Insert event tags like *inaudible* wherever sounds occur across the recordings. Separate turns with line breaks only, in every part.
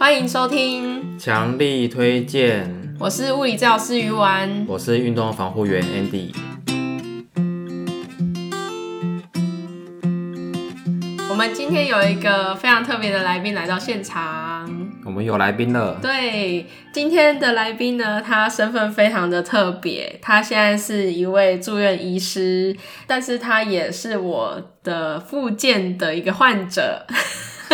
歡迎收聽，強力推薦。我是物理治療師魚丸，我是運動防護員 Andy。我們今天有一個非常特別的來賓來到現場。我們有來賓了。對，今天的來賓呢，他身份非常的特別，他現在是一位住院醫師，但是他也是我的復健的一個患者。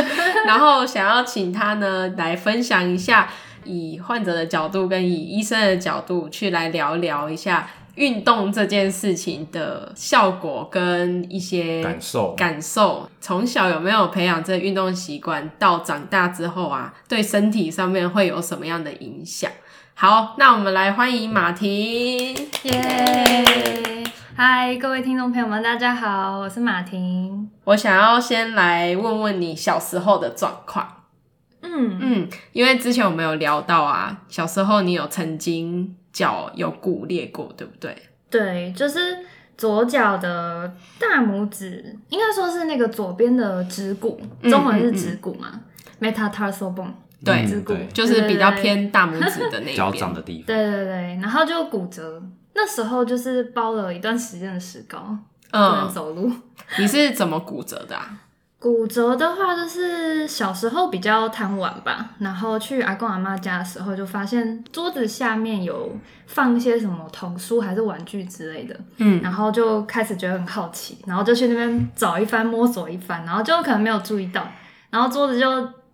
*laughs* 然後想要請他呢來分享一下，以患者的角度跟以醫生的角度去來聊聊一下運動這件事情的效果跟一些感受感受。從小有沒有培養這運動習慣，到長大之後啊，對身體上面會有什麼樣的影響？好，那我們來歡迎馬婷，耶！Yeah!
嗨，Hi, 各位聽眾朋友們，大家好，我是馬婷。
我想要先來問問你小時候的狀況，
嗯
嗯，因為之前我們有聊到啊，小時候你有曾經腳有骨裂過，對不對？
對，就是左腳的大拇指，應該說是那個左邊的指骨，中文是指骨嘛、嗯嗯嗯、，metatarsal bone
對，嗯、對就是比較偏大拇指的那邊，腳掌 *laughs* 的地
方。對對對，然後就骨折，那時候就是包了一段時間的石膏，不能走路。嗯、
*laughs* 你是怎麼骨折的
啊？骨折的話，就是小時候比較貪玩吧，然後去阿公阿媽家的時候，就發現桌子下面有放一些什麼童書還是玩具之類的，嗯，然後就開始覺得很好奇，然後就去那邊找一番，摸索一番，然後就可能沒有注意到，然後桌子就。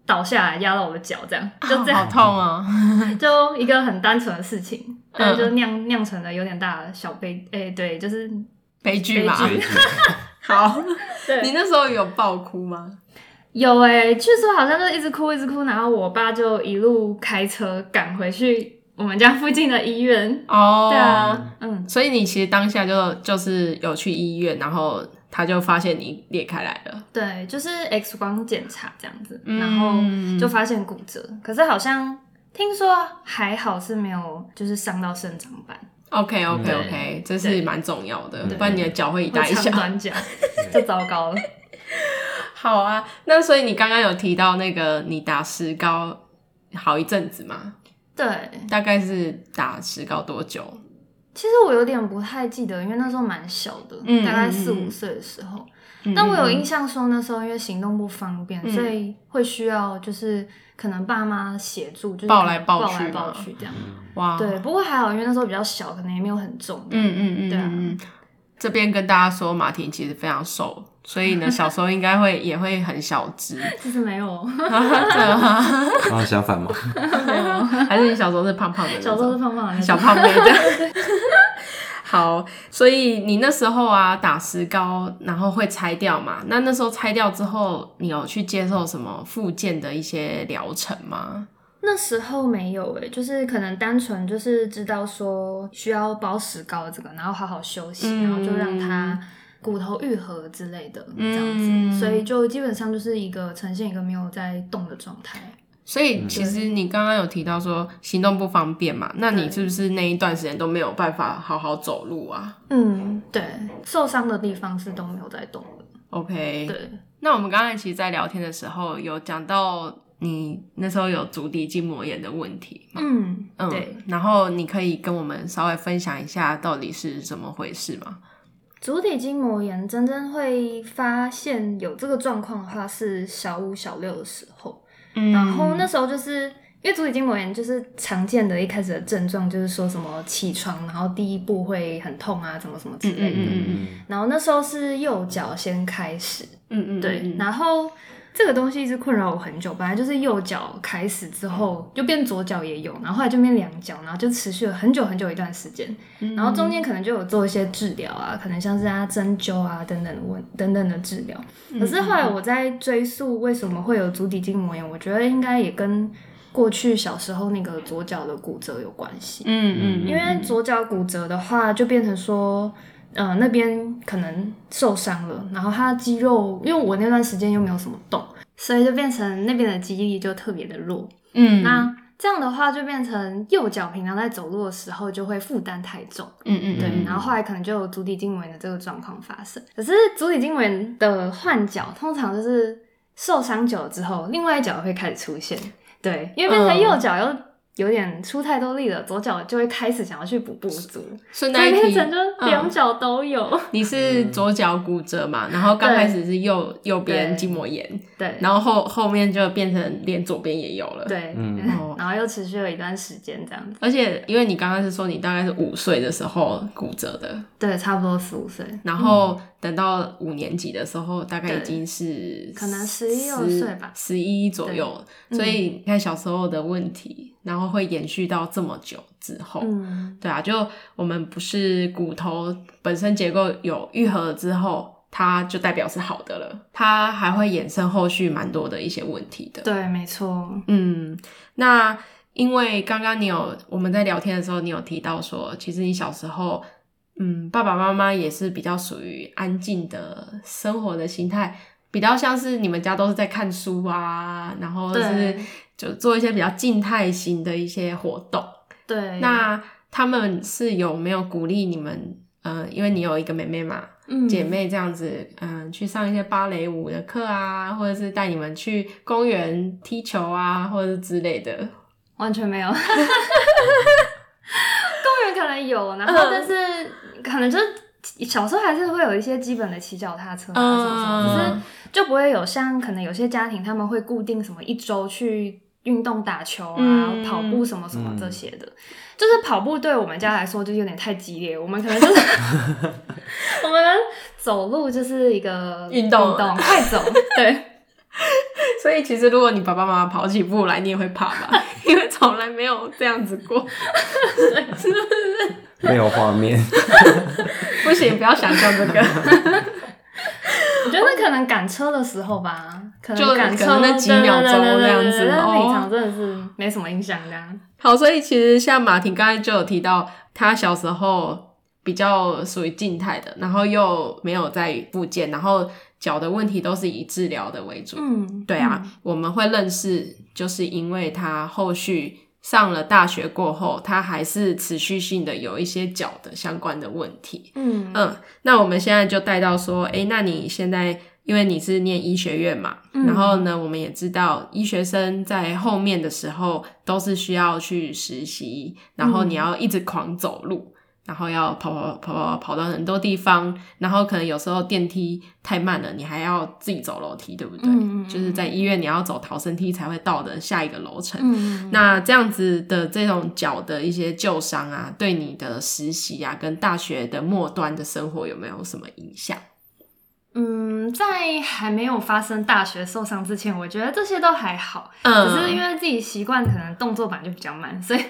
倒下來壓到我的腳，這樣就這樣，哦、好痛啊、哦！就一個很單純的事情，然後，嗯、就釀釀成了有點大的小悲，哎、欸，對，就是悲劇嘛。
悲劇 *laughs* 好，對你那時候有爆哭嗎？
有哎、欸，據說好像就一直哭一直哭，然後我爸就一路開車趕回去我們家附近的醫院。哦，對啊，嗯，
所以你其實當下就就是有去醫院，然後。他就發現你裂開來了，
對，就是 X 光檢查這樣子，然後就發現骨折。嗯、可是好像聽說還好是沒有，就是傷到生長板。
OK OK OK，對這是蠻重要的，對不然你的腳會帶一大一小，我長短腳
*laughs* 就糟糕了。
好啊，那所以你剛剛有提到那個，你打石膏好一陣子嗎？對，大概是打石膏多久？
其實我有點不太記得，因為那時候蠻小的，大概四五歲的時候。但我有印象說那時候因為行動不方便，所以會需要就是可能爸媽協助，就是抱來抱去抱來抱去
這樣。哇，對。
不過還好，因為那時候比較小，可能也沒有很重。嗯嗯嗯，
對啊。這邊跟大家說，馬婷其實非常瘦，所以呢小時候應該會也會很小只。
其實沒有，哈哈，
相反嗎？有，還是你小時候是胖胖的？小時候是胖胖小胖妹的。好，所以你那時候啊打石膏，然後會拆掉嘛？那那時候拆掉之後，你有去接受什麼復健的一些療程嗎？
那時候沒有誒、欸，就是可能單純就是知道說需要包石膏這個，然後好好休息，嗯、然後就讓它骨頭癒合之類的這樣子，嗯、所以就基本上就是一個呈現一個沒有在動的狀態。
所以其實你剛剛有提到說行動不方便嘛？對那你是不是那一段時間都沒有辦法好好走路啊？嗯，
對，受傷的地方是都沒有在動的。
OK，對。那我們剛剛其實在聊天的時候有講到你那時候有足底筋膜炎的問題嘛。嗯，嗯對。然後你可以跟我們稍微分享一下到底是怎麼回事嗎？
足底筋膜炎真正會發現有這個狀況的話，是小五小六的時候。
*noise* 然後那
時候就是因為足底筋膜炎，就是常見的一開始的症狀，就是說什麼起床然後第一步會很痛啊，什麼什麼之類的。嗯嗯嗯嗯嗯，然後那時候是右腳先開始，嗯，嗯嗯，對，然後。這個東西一直困擾我很久，本來就是右腳開始之後就變左腳也有，然後後來就變兩腳，然後就持續了很久很久一段時間。嗯、然後中間可能就有做一些治療啊，可能像是、啊、針灸啊等等的問等等的治療。嗯、可是後來我在追溯為什麼會有足底筋膜炎，我覺得應該也跟過去小時候那個左腳的骨折有關係。嗯嗯，嗯嗯，因為左腳骨折的話，就變成說。嗯、呃，那邊可能受傷了，然後他的肌肉，因為我那段時間又沒有什麼動，所以就變成那邊的肌力就特別的弱。嗯，那這樣的話就變成右腳平常在走路的時候就會負擔太重。嗯，嗯嗯。對，然後後來可能就有足底筋膜的這個狀況發生。可是足底筋膜的換腳，通常就是受傷久了之後，另外一腳會開始出現。對，呃、因為變成右腳要。有點出太多力了，左腳就會開始想要去補不足，所以變成就兩腳
都有、嗯。你是左腳骨折嘛？然後剛開始是右對右邊筋膜炎，對，然後後後面就變成連左邊也有了，對，然
後，嗯、然後又持續了一段時間這樣
子。而且因為你剛剛是說你大概是五歲的時候骨折的，對，差不多十五歲，然後。嗯等到五年級的時候，大概已經是 10, 可能十一歲吧，十一左右。對所以你看，小時候的問題，嗯、然後會延續到這麼久之後。嗯、啊，對啊，就我們不是骨頭本身結構有癒合之後，它就代表是好的了，它還會衍生後續蠻多的一些問題的。對，沒錯。嗯，那因為剛剛你有我們在聊天的時候，你有提到說，其實你小時候。嗯，爸爸媽媽也是比較屬於安靜的生活的心態，比較像是你們家都是在看書啊，然後是就做一些比較靜態型的一些活動。
對，那
他們是有沒有鼓勵你們？嗯、呃，因為你有一個妹妹嘛，嗯、姐妹這樣子，嗯、呃，去上一些芭蕾舞的課啊，或者是帶你們去公園踢球啊，或者之類的。完全沒有。 *laughs*
有，然後就是
可能就是
小時候還是會有一些基本的騎腳踏車啊什麼什麼，可是就不會有像可能有些家庭他們會固定什麼一周去運動打球啊跑步什麼什麼這些的，就是跑步對我們家來說就有點太激烈，我們可能就是我們走路就是一個
運動，運動快走，對。所以其實如果你爸爸媽媽跑起步來，你也會怕吧？因為從來沒有這樣子過 *laughs* 對，是不是？沒有畫面， *laughs* 不
行，不要想象這個。 *laughs* 我覺得那可能趕車的時候吧，可能趕車就那幾秒鐘這樣子，對對對對哦，平常真的是沒什麼印象的。
好，所以其實像馬婷剛才就有提到，他小時候比較屬於靜態的，然後又沒有在復健，然後。腳的問題都是以治療的為主，嗯，對啊，嗯、我們會認識，就是因為他後續上了大學過後，他還是持續性的有一些腳的相關的問題，嗯嗯，那我們現在就帶到說，誒、欸、那你現在因為你是念醫學院嘛，嗯、然後呢，我們也知道醫學生在後面的時候都是需要去實習，然後你要一直狂走路。嗯嗯然後要跑，跑跑跑跑跑到很多地方，然後可能有時候電梯太慢了，你還要自己走樓梯，對不對？嗯、就是在醫院你要走逃生梯才會到的下一個樓層。嗯、那這樣子的這種腳的一些舊傷啊，對你的實習啊跟大學的末端的生活有沒有什麼影響？
嗯，在還沒有發生大學受傷之前，我覺得這些都還好。嗯，只是因為自己習慣，可能動作本來就比較慢，所以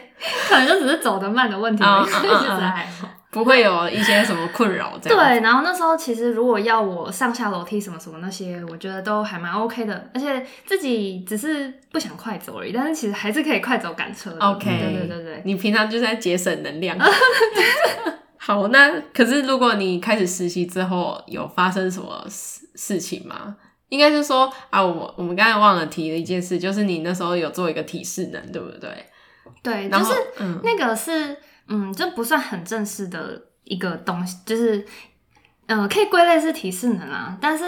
可能就只是走得慢的問題， *laughs* *laughs* 就是還好、嗯嗯
嗯，不會有一些什麼困擾。
對，然後那時候其實如果要我上下樓梯什麼什麼那些，我覺得都還蠻 OK 的，而且自己只是不想快走而已。但是其實還是可以快走趕車。OK，嗯、對對對
對，你平常就是在節省能量。 *laughs* *laughs* 好，那可是如果你開始實習之後有發生什麼事事情嗎？應該是說啊，我我們剛剛忘了提了一件事，就是你那時候有做一個體適能，對不對？
對，然後就是、嗯、那個是嗯，這不算很正式的一個東西，就是嗯、呃，可以歸類是體適能啊，但是。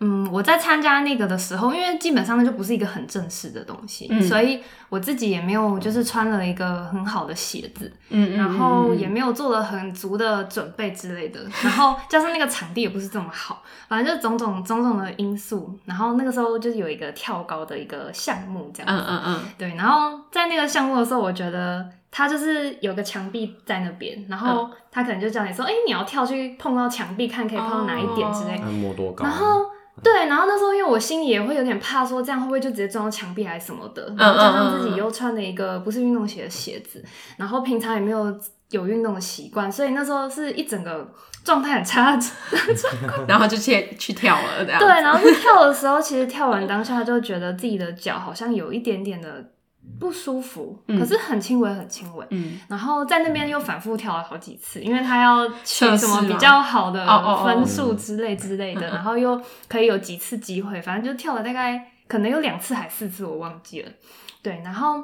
嗯，我在參加那個的時候，因為基本上那就不是一個很正式的東西，嗯、所以我自己也沒有就是穿了一個很好的鞋子，嗯然後也沒有做了很足的準備之類的，嗯、然後加上那個場地也不是這麼好， *laughs* 反正就是種種種種的因素。然後那個時候就是有一個跳高的一個項目，這樣子嗯，嗯嗯嗯，對。然後在那個項目的時候，我覺得他就是有個牆壁在那邊，然後他可能就叫你說，哎、欸，你要跳去碰到牆壁，看可以碰到哪一點之類，嗯
嗯、然
後。對，然後那時候因為我心裡也會有點怕，說這樣會不會就直接撞到牆壁還是什麼的。嗯嗯嗯，然後加上自己又穿了一個不是運動鞋的鞋子，然後平常也沒有有運動的習慣，所以那時候是一整個狀態很
差， *laughs* 然後就去去跳了這樣。 *laughs* 對，然後去
跳的時候，其實跳完當下就覺得自己的腳好像有一點點的。不舒服，嗯、可是很輕微，很輕微。嗯，然後在那邊又反覆跳了好幾次，嗯、因為他要取什麼比較好的分數之類之類的，oh, oh, oh, um, 然後又可以有幾次機會，嗯、反正就跳了大概可能有兩次還四次，我忘記了。對，然後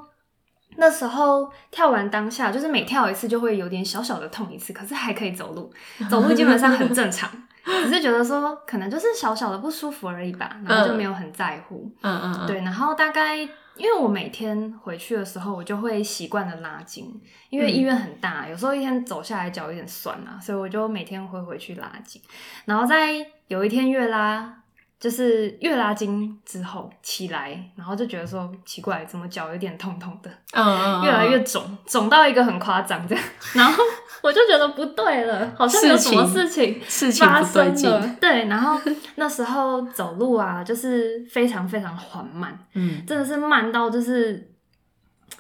那時候跳完當下，就是每跳一次就會有點小小的痛一次，可是還可以走路，走路基本上很正常， *laughs* 只是覺得說可能就是小小的不舒服而已吧，然後就沒有很在乎。嗯，對，然後大概。因為我每天回去的時候，我就會習慣的拉筋，因為醫院很大，嗯、有時候一天走下來腳有點痠啊，所以我就每天會回去拉筋。然後在有一天越拉就是越拉筋之後起來，然後就覺得說奇怪，怎麼腳有點痛痛的，嗯、嗯、嗯，越來越腫，腫到一個很誇張的， *laughs* 然後。我就覺得不對了，好像有什麼事情
事情發生了。對，
對，然後那時候走路啊，就是非常非常緩慢，嗯， *laughs* 真的是慢到就是、
嗯、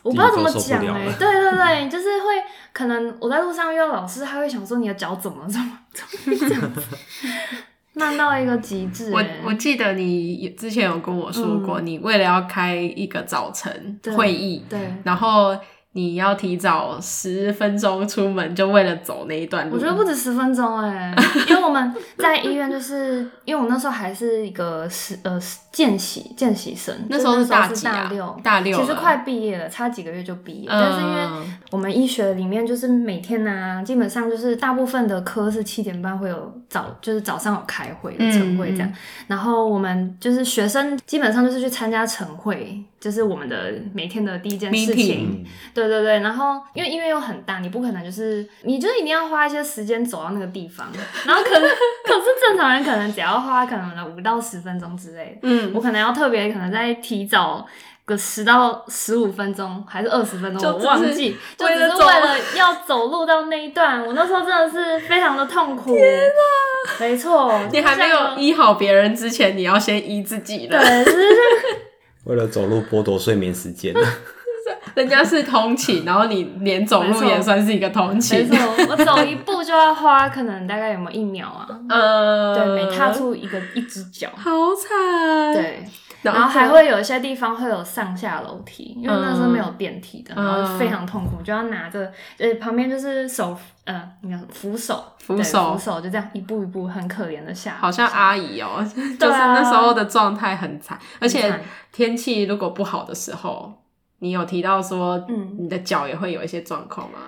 我不知道怎麼講哎、欸。了
了對對對，就是會可能我在路上遇到老師，他會想說你的腳怎麼怎麼怎麼
*laughs* 慢到一個極致、欸。我我記得你之前有跟我說過，嗯、你為了要開一個早晨會議，對，對然後。你要提早十分鐘出門，就為了走那一段路。我覺得不
止十分鐘誒、欸、 *laughs* 因為我們在醫院，就是因為我那時候還是一個是呃見習見習生，那時候是大幾？啊、大六，大六，其實快畢業了，差幾個月就畢業。嗯、但是因為我們醫學裡面就是每天呢、啊，基本上就是大部分的科是七點半會有早，就是早上有開會的晨會這樣。嗯、然後我們就是學生基本上就是去參加晨會。就是我們的每天的第一件事情，對對對。然後因為醫院又很大，你不可能就是，你就是一定要花一些時間走到那個地方。然後可是， *laughs* 可是正常人可能只要花可能五到十分鐘之類的。嗯，我可能要特別可能再提早個十到十五分鐘，還是二十分鐘，就我忘記。就，就只是為了要走路到那一段， *laughs* 我那時候真的是非常的痛苦。
天啊，沒錯，你還沒有醫好別人之前，你要先醫自己的。對 *laughs*
為了走路剝奪睡眠時間，
*laughs* 人家是通勤， *laughs* 然後你連走路也算是一個通勤錯。 *laughs* 沒錯，我走一
步就要花可能大概有沒有一秒啊？嗯，對，每踏出
一個一隻腳，
好慘慘。對。然後還會有一些地方會有上下樓梯，嗯、因為那時候沒有電梯的，嗯、然後非常痛苦，就要拿着呃旁邊就是手呃那個扶手、扶手、扶手，扶手、扶手就這樣一步一步很可憐的下。好像
阿姨哦，啊、 *laughs* 就是那時候的狀態很慘，而且天氣如果不好的時候，嗯、你有提到說，嗯，你的腳也會有一些狀況嗎？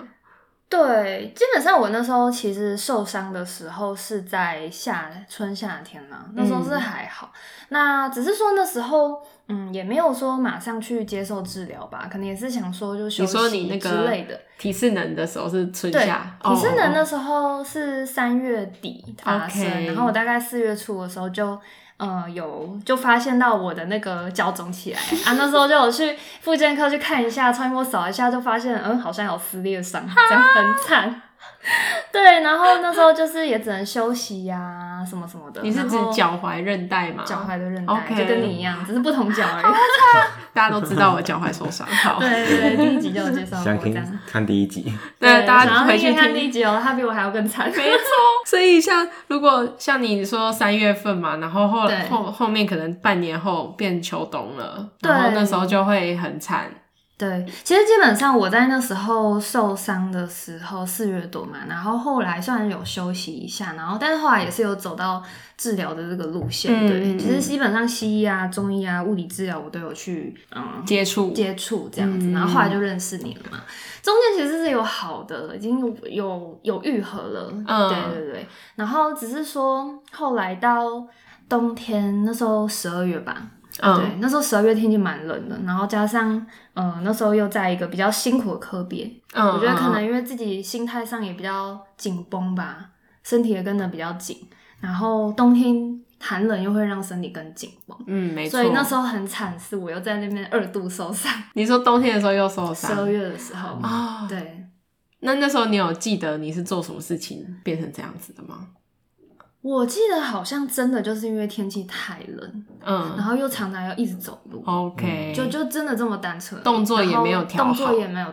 對，基本上我那時候其實受傷的時候是在夏春夏天嘛、啊，那時候是還好。嗯、那只是說那時候，嗯，也沒有說馬上去接受治療吧，可能也是想說就休息之類的。
你你體適能的時候是春夏，對 oh、體適能的
時候是三月底
發生，Okay. 然後我大
概四月初的時候就。嗯，有就發現到我的那個腳腫起來 *laughs* 啊，那時候就我去復健科去看一下，超音波掃一下就發現，嗯，好像有撕裂傷，啊、這樣很慘。 *laughs* 對，然後那時候就是也只能休息呀，啊，什麼什麼的。你是指腳踝韌帶嗎？腳踝的韌帶 Okay. 就跟你一樣，只是不
同腳而已。 *laughs* 大家都知道我腳踝受傷，好。 *laughs* 對，對對，第一集就有介紹。想聽看第一集。對，
對大家回去想要看第
一集哦，喔。他比我還要更慘， *laughs* 沒錯。所以像如果像你說三月份嘛，然後後來對後後面可能半年後變秋冬了，然後那時候就會很慘。
對，其實基本上我在那時候受傷的時候四月多嘛，然後後來雖然有休息一下，然後但是後來也是有走到治療的這個路線。嗯、對，其實基本上西醫啊、中醫啊、物理治療我都有去嗯接觸接觸這樣子，然後後來就認識你了嘛。嗯、中間其實是有好的，已經有有有癒合了。嗯、對對對。然後只是說後來到冬天那時候十二月吧。嗯、對，那時候十二月天氣蠻冷的，然後加上，呃，那時候又在一個比較辛苦的科別，嗯、
我覺得可能因
為自己心態上也比較緊繃吧，嗯、身體也跟得比較緊，然後冬天寒冷又會讓身體更緊繃，嗯，沒錯。所以那時候很慘，是我又在那邊二度受傷。
你說冬天的時候又受傷？十二月的
時候嘛，對。
那那時候你有記得你是做什麼事情變成這樣子的嗎？
我記得好像真的就是因為天氣太冷，嗯，然後又常常要一直走路、嗯、
，OK，、嗯、就就
真的這麼單純動作也沒有調好，動作也沒有。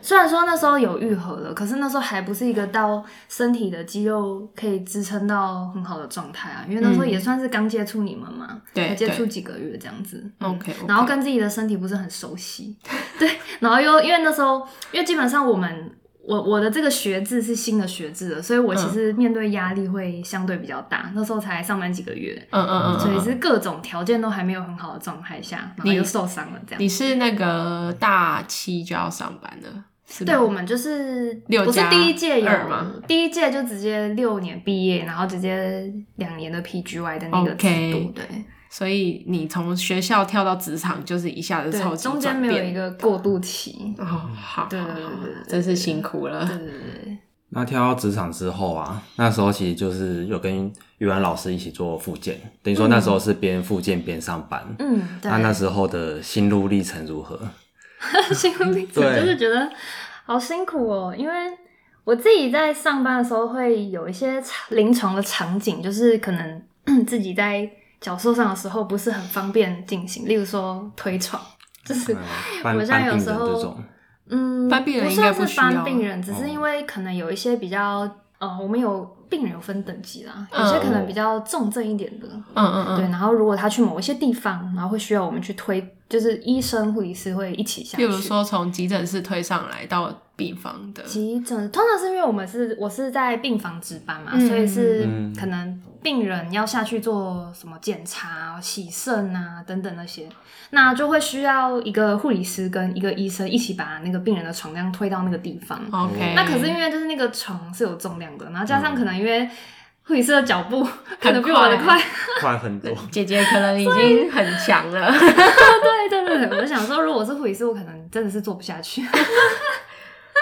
雖然說那時候有愈合了，可是那時候還不是一個到身體的肌肉可以支撐到很好的狀態啊，因為那時候也算是剛接觸你們嘛，對、嗯，才接觸幾個月這樣子對對對
，OK，, okay 然後
跟自己的身體不是很熟悉， *laughs* 對，然後又因,因為那時候，因為基本上我們。我我的這個學制是新的學制的，所以我其實面對壓力會相對比較大。嗯、那時候才上班幾個月，嗯,嗯嗯嗯，所以是各種條件都還沒有很好的狀態下，你然後又受傷了，這樣子。你是
那個大七就要上班的，是？對，
我們就是六加二嘛，第一屆有嗎？第一屆就直接六年畢業，然後直接兩年的 PGY 的那個制度，、okay,
對。所以你從學校，跳到職場，就是一下子超級，中間沒有一個過渡期哦、喔。好，對對，對對對，真是辛苦了。對對，對對對。那跳到職場之後啊，那時候其實就是有跟魚丸老師一起做復健，等於說那時候是邊復健邊上班。嗯。那那時候的心路歷程如何？
嗯、 *laughs* 心路歷程就是覺得好辛苦哦、喔，因為我自己在上班的時候會有一些臨床的場景，就是可能自己在。腳受傷的時候不是很方便進行，例如說推床，就是我現在有時候，病人嗯，不算是搬病人，嗯、只是因為可能有一些比較，呃，我們有病人有分等級啦，嗯、有些可能比較重症一點的，嗯嗯嗯，對，然後如果他去某一些地方，然後會需要我們去推，就是醫生、護理師會一起下去，比如說
從急診室推上來到。病房的急
診，通常是因為我們是我是在病房值班嘛，嗯、所以是可能病人要下去做什麼檢查，啊，洗腎啊等等那些，那就會需要一個護理師跟一個醫生一起把那個病人的床這樣推到那個地方。OK，那可是因為就是那個床是有重量的，然後加上可能因為護理
師的腳步可能比我的快很快，快很多， *laughs* 姐姐可能已經很強了。對
對對， *laughs* 我想說，如果是護理師，我可能真的是做不下去。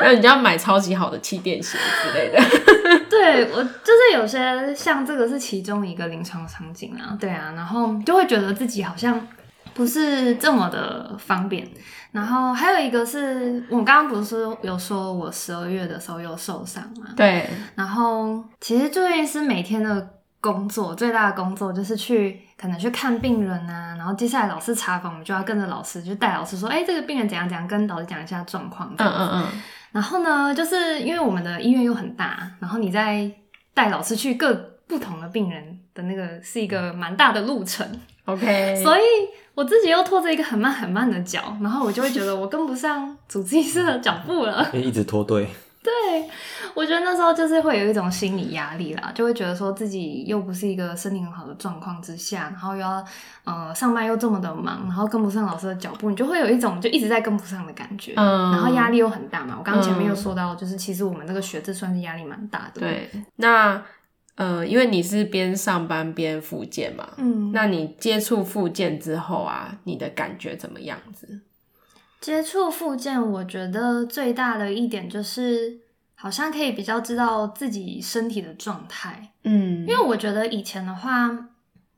還有 *laughs* 你要買超級好的氣墊鞋之類的，
*laughs* 對，我就是有些像這個是其中一個臨床場景啊，對啊，然後就會覺得自己好像不是這麼的方便。然後還有一個是我剛剛不是有說我十二月的時候又受傷嘛，對。然後其實住院醫師每天的工作最大的工作就是去可能去看病人啊，然後接下來老師查房，我們就要跟着老師就帶老師說，哎、欸，這個病人怎樣怎樣，跟老師講一下狀況這樣，嗯嗯嗯。然後呢，就是因為我們的醫院又很大，然後你再帶老師去各不同的病人的那個是一個蠻大的路程，OK，所以我自己又拖着一個很慢很慢的腳，然後我就會覺得我跟不上主治醫師的腳步了，一直拖。對。對，我覺得那時候就是會有一種心理壓力啦，就會覺得說自己又不是一個身體很好的狀況之下，然後又要呃上班又這麼的忙，然後跟不上老師的腳步，你就會有一種就一直在跟不上的感覺，嗯，然後壓力又很大嘛。我剛剛前面又說到，就是其實我們那個學制算是壓力蠻大的。對，
那呃，因為你是邊上班邊復健嘛，嗯，那你接觸復健之後啊，你的感覺怎麼樣子？
接觸復健，我覺得最大的一點就是，好像可以比較知道自己身體的狀態。嗯，因為我覺得以前的話。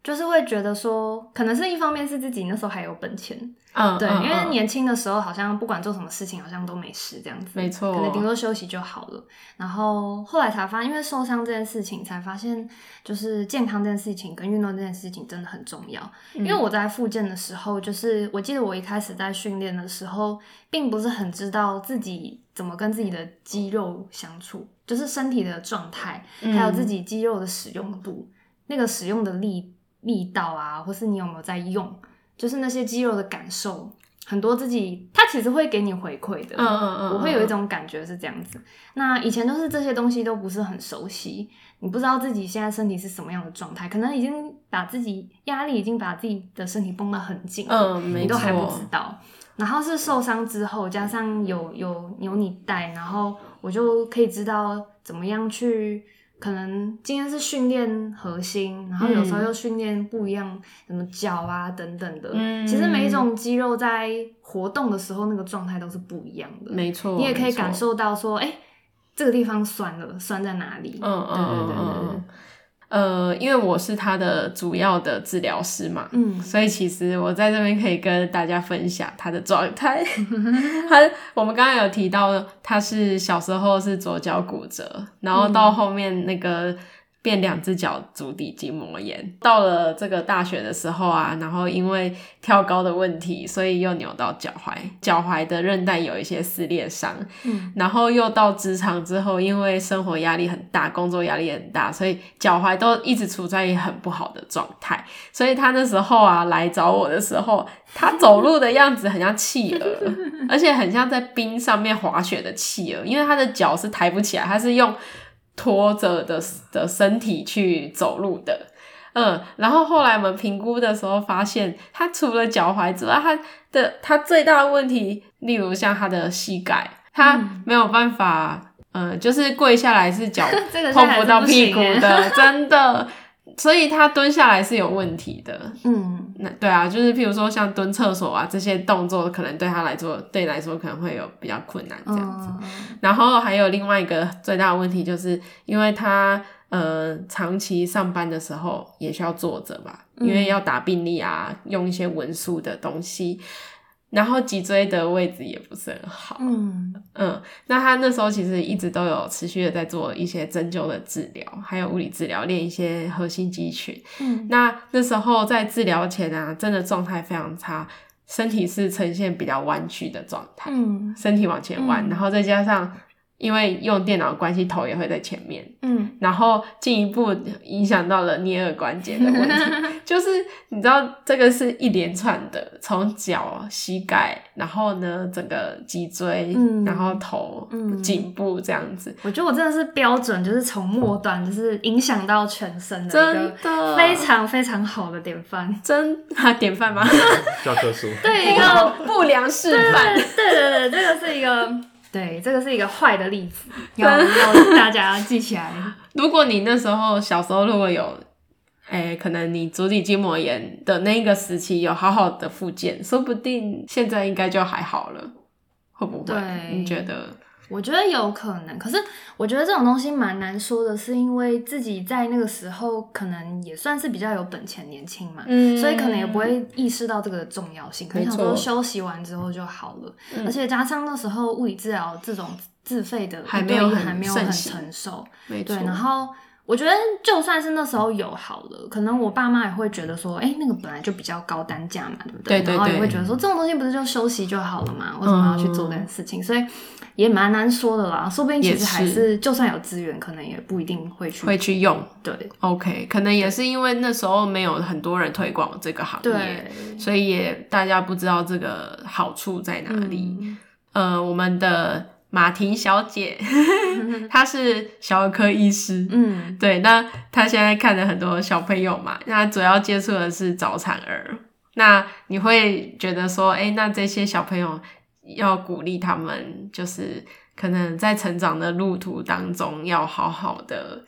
就是會覺得說，可能是一方面是自己那時候還有本錢，嗯，對，嗯、因為年輕的時候、嗯、好像不管做什麼事情好像都沒事這樣子，沒錯、哦，可能頂多休息就好了。然後後來才發現，因為受傷這件事情才發現，就是健康這件事情跟運動這件事情真的很重要。嗯、因為我在復健的時候，就是我記得我一開始在訓練的時候，並不是很知道自己怎麼跟自己的肌肉相處，就是身體的狀態，嗯、還有自己肌肉的使用度，那個使用的力度。力道啊，或是你有沒有在用，就是那些肌肉的感受，很多自己，它其實會給你回饋的。Uh, uh, uh. 我會有一種感覺是這樣子。那以前都是這些東西都不是很熟悉，你不知道自己現在身體是什麼樣的狀態，可能已經把自己壓力已經把自己的身體繃得很緊。Uh, 你都還不知道。沒錯。然後是受傷之後，加上有有有你帶，然後我就可以知道怎麼樣去。可能今天是訓練核心，然後有時候又訓練不一樣，嗯、什麼腳啊等等的。嗯，其實每一種肌肉在活動的時候，那個狀態都是不一樣的。沒錯，你也可以感受到說，哎，這個地方酸了，酸在哪裡？嗯嗯嗯嗯嗯。
呃，因為我是他的主要的治療師嘛，嗯，所以其實我在這邊可以跟大家分享他的狀態。 *laughs* 他我們剛剛有提到，他是小時候是左腳骨折，然後到後面那個。變兩隻腳足底筋膜炎，到了這個大學的時候啊，然後因為跳高的問題，所以又扭到腳踝，腳踝的韌帶有一些撕裂傷。然後又到職場之後，因為生活壓力很大，工作壓力很大，所以腳踝都一直處在很不好的狀態。所以他那時候啊來找我的時候，他走路的樣子很像企鵝， *laughs* 而且很像在冰上面滑雪的企鵝，因為他的腳是抬不起來，他是用。拖着的的身體去走路的，嗯，然後後來我們評估的時候發現，他除了腳踝之外，他的他最大的問題，例如像他的膝蓋，他沒有辦法，嗯、呃，就是跪下來是腳碰不到屁股的，真的。 *laughs* 所以他蹲下來是有問題的，嗯，那對啊，就是譬如說像蹲廁所啊這些動作，可能對他來說，對來說可能會有比較困難這樣子。嗯、然後還有另外一個最大的問題，就是因為他呃長期上班的時候也需要坐着吧，嗯、因為要打病歷啊，用一些文書的東西。然後脊椎的位置也不是很好，嗯嗯，那他那時候其實一直都有持續的在做一些針灸的治療，還有物理治療，練一些核心肌群。嗯，那那時候在治療前啊，真的狀態非常差，身體是呈現比較彎曲的狀態，嗯，身體往前彎，嗯，然後再加上。因為用電腦關係，頭也會在前面，嗯，然後進一步影響到了捏耳關節的問題， *laughs* 就是你知道這個是一連串的，從腳、膝蓋，然後呢，整個脊椎，嗯、然後頭、頸、嗯、部這樣子。我覺得我真的是標準，就是從末端就是影響到全
身的真的非常非常好的典範，真啊典範嗎， *laughs* 教科書。對，一個
不良示範， *laughs* 對，對對對，這個是一個。對，這個是一個壞的例子，要 *laughs* 要大家記起來。 *laughs* 如果你那時候，小時候如果有，哎、欸，可能你足底筋膜炎的那個時期有好好的復健，說不定現在應該就還好了，會不會？對你覺得？我
覺得有可能，可是我覺得這種東西蠻難說的，是因為自己在那個時候可能也算是比較有本錢，年輕嘛，嗯、所以可能也不會意識到這個的重要性，沒錯、可能想說休息完之後就好了，嗯、而且加上那時候物理治療這種自費的還沒有還沒有很成熟，對，然後。我覺得就算是那時候有好了，可能我爸媽也會覺得說，哎、欸，那個本來就比較高單價嘛，對不對？對對對。然後也會覺得說，這種東西不是就休息就好了嘛，為什麼要去做這件事情？嗯、所以也蠻難說的啦，說不定其實還是，是就算有資源，可能也不一定會去會去
用。對，OK，可能也是因為那時候沒有很多人推廣這個行業，對所以也大家不知道這個好處在哪裡。嗯、呃，我們的。馬婷小姐，呵呵，她是小兒科醫師，嗯，對，那她現在看了很多小朋友嘛，那主要接觸的是早產兒。那你會覺得說，誒、欸、那這些小朋友要鼓勵他們，就是可能在成長的路途當中，要好好的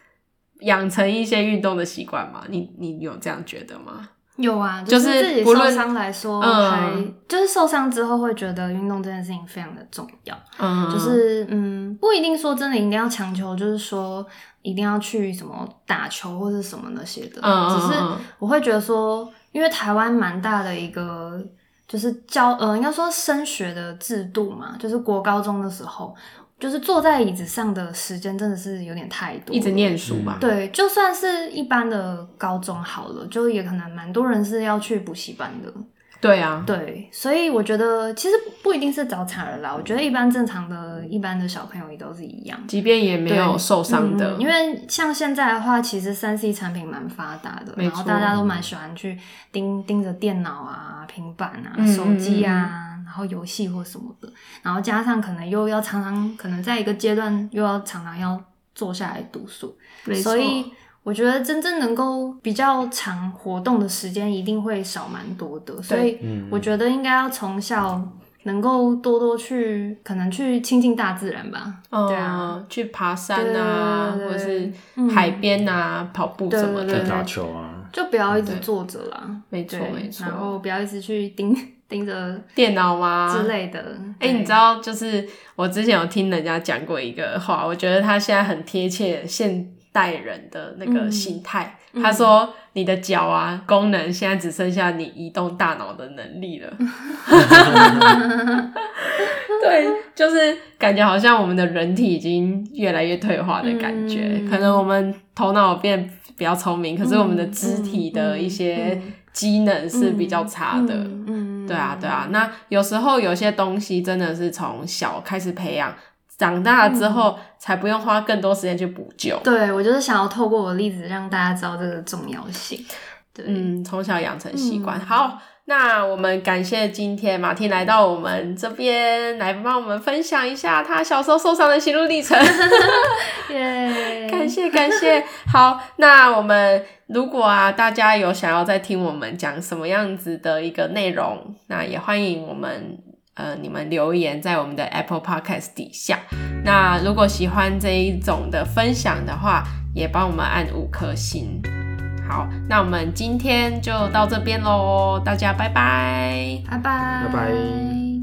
養成一些運動的習慣嘛？你，你有這樣覺得嗎？
有啊，就是自己受傷來說就還、嗯、就是受傷之後會覺得運動這件事情非常的重要，嗯，就是嗯不一定說真的一定要強求，就是說一定要去什麼打球或是什麼那些的，嗯、只是我會覺得說，因為台灣蠻大的一個就是教呃應該說升學的制度嘛，就是國高中的時候。就是坐在椅子上的時間真的是有點太多，一直念書吧？對，就算是一般的高中好了，就也可能蠻多人是要去補習班的。
對呀、啊，
對，所以我覺得其實不一定是早產兒啦，我覺得一般正常的一般的小朋友也都是一
樣，即便也沒有受傷的、嗯。因為
像現在的話，其實三 C 產品蠻發達的，沒錯，然後大家都蠻喜歡去盯盯着電腦啊、平板啊、嗯、手機啊。嗯然後遊戲或什麼的，然後加上可能又要常常，可能在一個階段又要常常要坐下來讀書，所以我覺得真正能夠比較長活動的時間一定會少蠻多的。所以我覺得應該要從小能夠多多去，可能去親近大自然吧。
對啊，去爬山啊，或者是海邊啊，跑步什麼的，打球啊，
就不要一直坐着啦。沒錯沒錯，然後不要一直去盯。盯着
電腦嗎之類
的？哎、欸，對你
知道，就是我之前有聽人家講過一個話，我覺得他現在很貼切現代人的那個心態。嗯、他說：“你的腳啊，嗯、功能現在只剩下你移動大腦的能力了。”對，就是感覺好像我們的人體已經越來越退化的感覺。嗯、可能我們頭腦變比較聰明，嗯、可是我們的肢體的一些、嗯。嗯嗯嗯機能是比較差的，嗯，嗯，嗯，對啊，對啊，那有時候有些東西真的是從小開始培養，長大了之後才不用花更多時間去補救。嗯，
對，我就是想要透過我的例子讓大家知道
這個重要性，對，嗯，從小養成習慣，嗯，好。那我們感謝今天馬婷來到我們這邊來幫我們分享一下他小時候受傷的心路歷程，耶 *laughs* ！Yeah.
*laughs* 感謝感謝。
好，那我們如果啊大家有想要再聽我們講什麼樣子的一個內容，那也歡迎我們呃你們留言在我們的 Apple Podcast 底下。那如果喜歡這一種的分享的話，也幫我們按五顆星。好，那我們今天就到這邊嘍，大家拜拜，拜拜，拜拜。